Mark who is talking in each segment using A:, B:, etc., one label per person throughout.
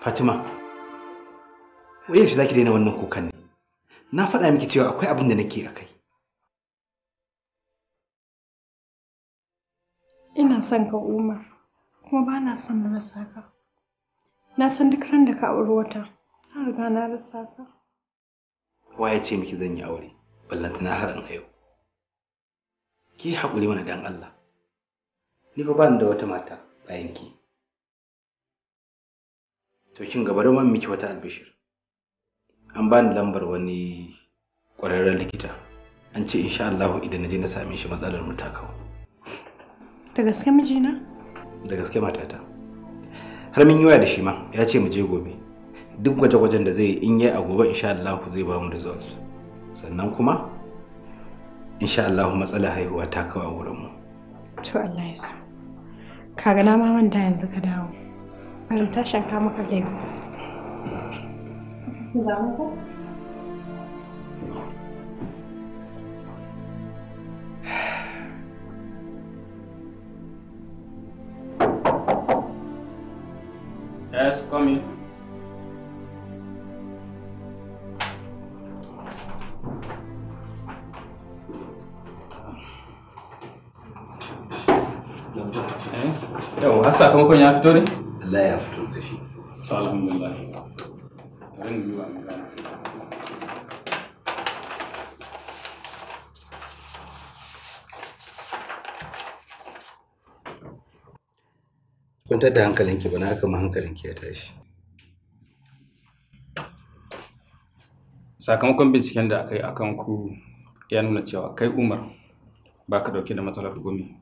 A: Fatima, wai yaushe za ki daina wannan kukan ne? Na faɗa miki cewa akwai abin da nake a kai.
B: Ina son ka Umar, kuma ba na son na rasa ka. Na san duk ran da ka auri wata, na riga na rasa ka.
A: Waye ce miki zan yi aure, na har in kai Ki haƙuri mana dan Allah. Ni fa ba ni da wata mata bayan ki. to kin gaba da miki wata albishir an ba ni lambar wani ƙwararren likita an ce insha Allah idan na je na same shi matsalar mu ta kawo
B: da gaske mijina
A: da gaske matata har mun yi waya da shi ma ya ce mu je gobe duk gwaje-gwajen da zai in yi a gobe insha Allah zai ba mu result sannan kuma insha Allah matsalar haihuwa ta kawo wurin mu to
B: Allah ya sa kaga na ma wanda yanzu ka dawo Malam tashin kama karya. Za mu ko? Yes, come in. Eu, har sakamakon como fito ne?
A: Allah ya fito da shi kwantar da hankalinki bana haka ma hankalinki ya tashi sakamakon binciken da aka yi a
B: kan ku ya nuna cewa kai umar ba ka dauke da matsalar gumi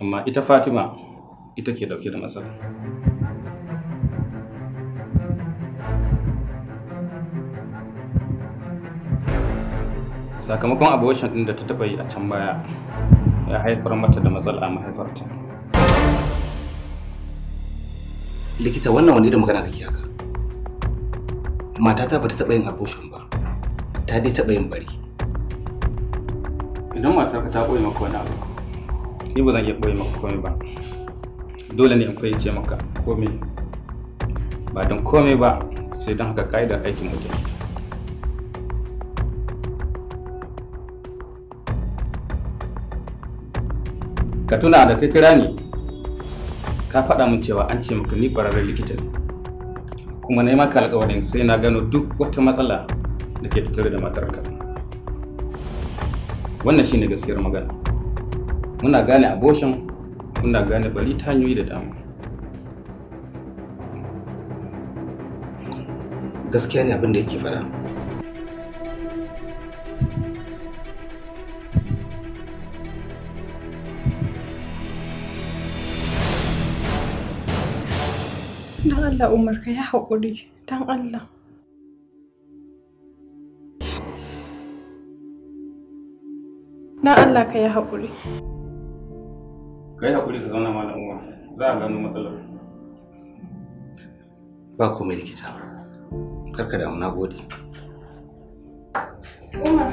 B: amma ita fatima ita ke dauke da matsala sakamakon abortion din da ta taba yi a can baya ya haifar mata da matsala a
A: mahaifarta likita wannan wani irin magana kake haka matata ba ta taba yin abortion ba ta dai taba yin bari
B: idan matarka ta koyi maka wani abu ni ba zan iya koyi maka komai ba dole ne in fahimce maka komai ba don komai ba sai don haka ka'idar aikin mutum ka tuna da kai kira ni ka faɗa min cewa an ce maka ni ƙwararren likita ne kuma na yi maka alƙawarin sai na gano duk wata matsala da ke tattare da matarka wannan shine gaskiyar magana muna gane abocin muna gane bari ta hanyoyi da dama
A: gaskiya ne abin da yake fara
B: don allah umar ka yi haƙuri don allah don allah ka yi haƙuri kai hakuri ka zauna malam uwa za a gano matsalar
A: ba komai likita karka damu na gode umar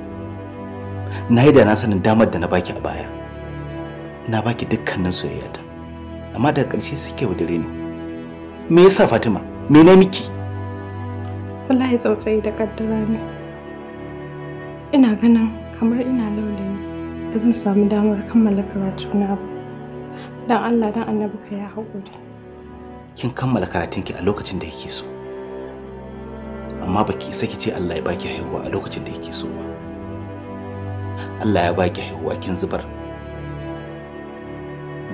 A: na yi da na sanin damar da na baki a baya na baki dukkanin soyayyata amma daga ƙarshe suke wadare ni me yasa fatima me na miki
B: wallahi tsautsayi da kaddara ne ina ganin kamar ina laulayi ba zan samu damar kammala karatu na ba dan allah dan annabi ka ya haƙuri
A: kin kammala karatunki a lokacin da yake so amma baki isa ki ce allah ya baki haihuwa a lokacin da yake so ba Allah ya baki haihuwa kin zubar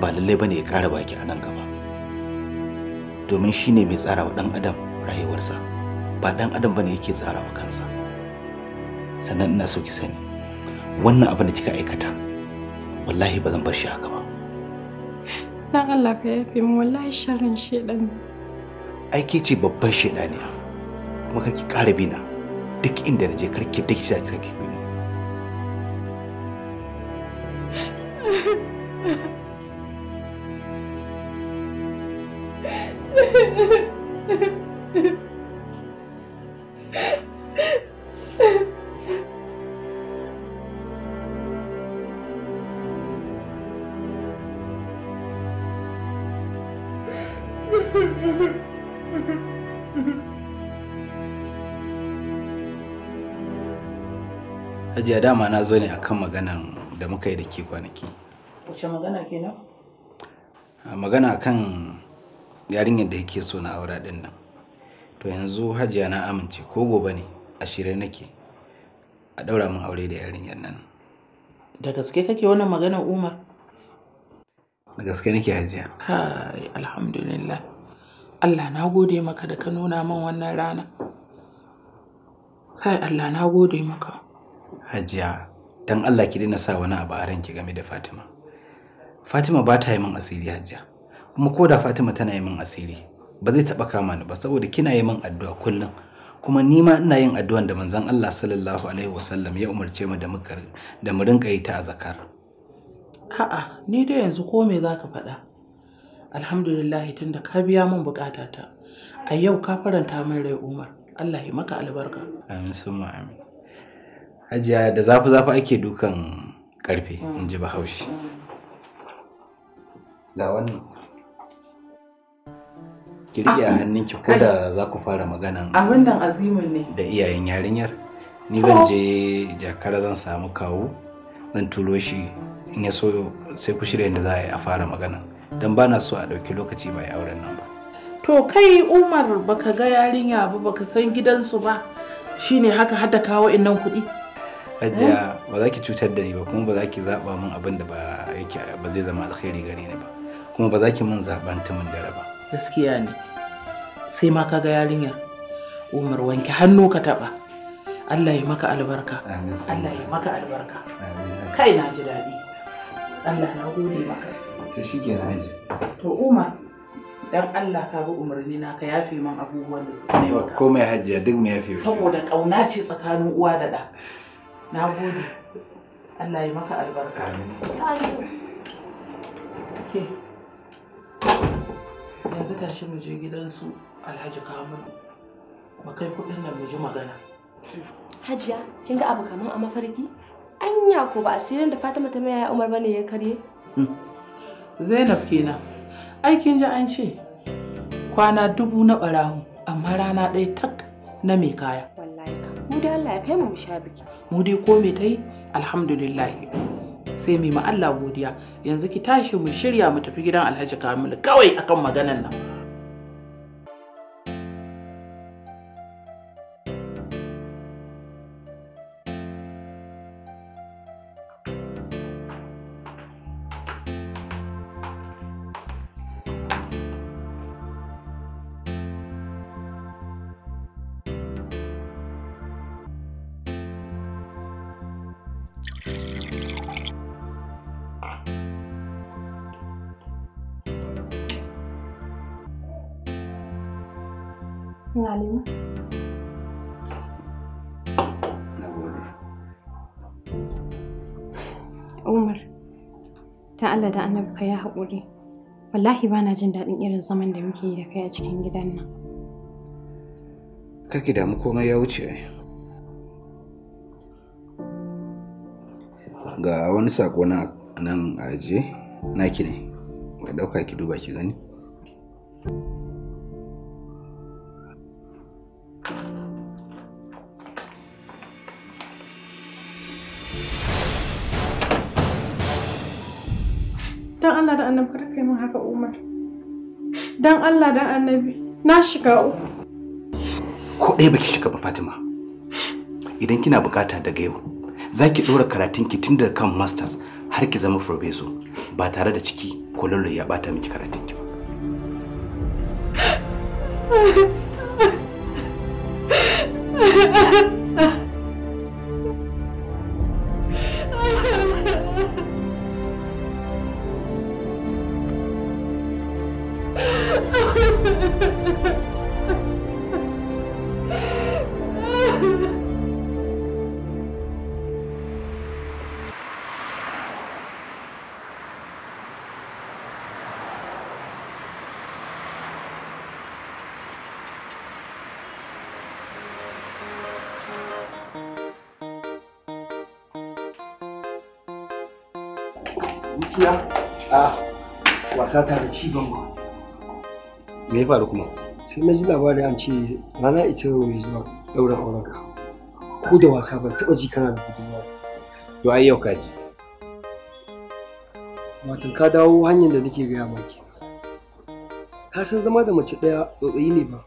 A: ba lallai bane ya kara baki a nan gaba domin shine mai tsara wa ɗan adam rayuwarsa ba dan adam bane yake tsara wa kansa sannan ina so ki sani wannan abin da kika aikata wallahi ba zan bar shi haka ba
B: dan Allah ka yafe mu wallahi sharrin shedan
A: ai ke ce babban ne kuma kar ki ƙara bina duk inda na je kar ki dake cikin Ajiya dama na zo ne akan maganan da muka yi da ke kwanaki.
C: wace magana kenan
A: ah, magana kan yarinyar da yake so na aura din nan to yanzu hajiya na amince ko gobe ne a shirye nake a daura min aure da
C: yarinyar nan da gaske kake wannan magana umar
A: da gaske nake hajiya
C: hai alhamdulillah allah na gode maka da ka nuna min wannan rana hai allah na gode maka
A: hajiya don allah ki dina sa wani abu a ranki game da fatima Fatima ba ta yi min asiri hajja. Kuma ko da Fatima tana yi min asiri ba zai taɓa kama ni ba saboda kina yi min addu'a kullum. Kuma ni ma ina yin addu'an da manzon Allah sallallahu alaihi wasallam ya umarce mu da mu da mu rinka yi ta zakar
C: A'a, ni dai yanzu ko me zaka faɗa? Alhamdulillah tunda ka biya min ta, A yau ka faranta min rai Umar. Allah ya maka albarka.
A: Amin summa amin. Hajiya da zafi zafi ake dukan karfe mm. in ji Bahaushe. Mm. ga wannan ki riƙe ah. hannunki ko da za ku fara magana a wannan
C: azimin ne da
A: iyayen yarinyar ni zan je jakara zan samu kawo zan tulo shi in ya so sai ku shirya da za a yi a fara magana don ba na so a ɗauki lokaci ba auren nan ba
C: to kai umar baka ga yarinya ba baka san gidansu ba shine haka hada kawo innan kuɗi
A: hajjia hmm? ba za ki cutar da ni ba kuma ba za ki zaɓa min abin da ba zai zama alkhairi gare ni ba. kuma ba za ki min zaɓen tumin dare ba
C: gaskiya ne sai ma kaga yarinya umar wanke hannu ka taɓa allah ya maka albarka allah ya maka albarka kai na ji daɗi allah na gode maka ta shi ke to umar dan Allah ka bi umarni na ka yafe man abubuwan da suka yi
A: maka komai hajiya duk mu yafe
C: saboda ƙauna ce tsakanin uwa da ɗa na gode Allah ya maka albarka amin tashi mu je gidansu Alhaji Kamun. Mu kai kuɗin nan mu ji magana. Hajiya, kin ga abu kaman a mafarki? Anya ko ba asirin da Fatima ta maya Umar bane ya karye? Hmm. Zainab kenan. Ai kin ji an ce kwana dubu na barahu amma rana ɗaya tak na mai kaya. Wallahi ka. Mu da Allah ya kai mu sha biki. Mu dai ko me tai? Alhamdulillah. sai mu ma Allah godiya yanzu ki tashi mu shirya mu tafi gidan Alhaji Kamilu kawai akan maganan nan
B: Umar, ta Allah da annabi ka ya haƙuri. Wallahi ba na jin daɗin irin zaman da muke yi da kai a cikin gidan nan.
A: Kake ki damu komai ya wuce. Ga wani sako na nan aje naki ne. Ka ɗauka ki duba ki gani.
B: don Allah da annabi kada kai min haka Umar don Allah da annabi na shiga uku
A: ko ɗaya baki shiga ba Fatima idan kina bukata daga yau za ki ɗora karatunki tun daga kan masters har ki zama professor ba tare da ciki ko lullu ya bata miki karatunki ba dukiya a ah, wasa ta da ba me ya faru kuma sai na ji labari an ce rana ita yau mai zuwa ɗaurin auren ka ko da wasa ban taɓa ji kana da ba. to ai yau ka ji watan ka dawo hanyar da nake gaya maki ka san zama da mace ɗaya tsotsayi ne ba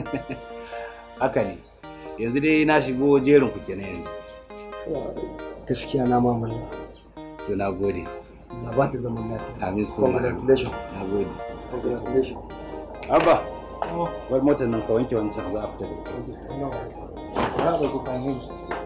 A: haka ne yanzu dai na shigo jerin ku kenan yanzu gaskiya na mamalla to na gode na ba ki zaman lafiya amin so congratulations na gode congratulations abba oh. nan ka wanke wancan za a fita
B: da ita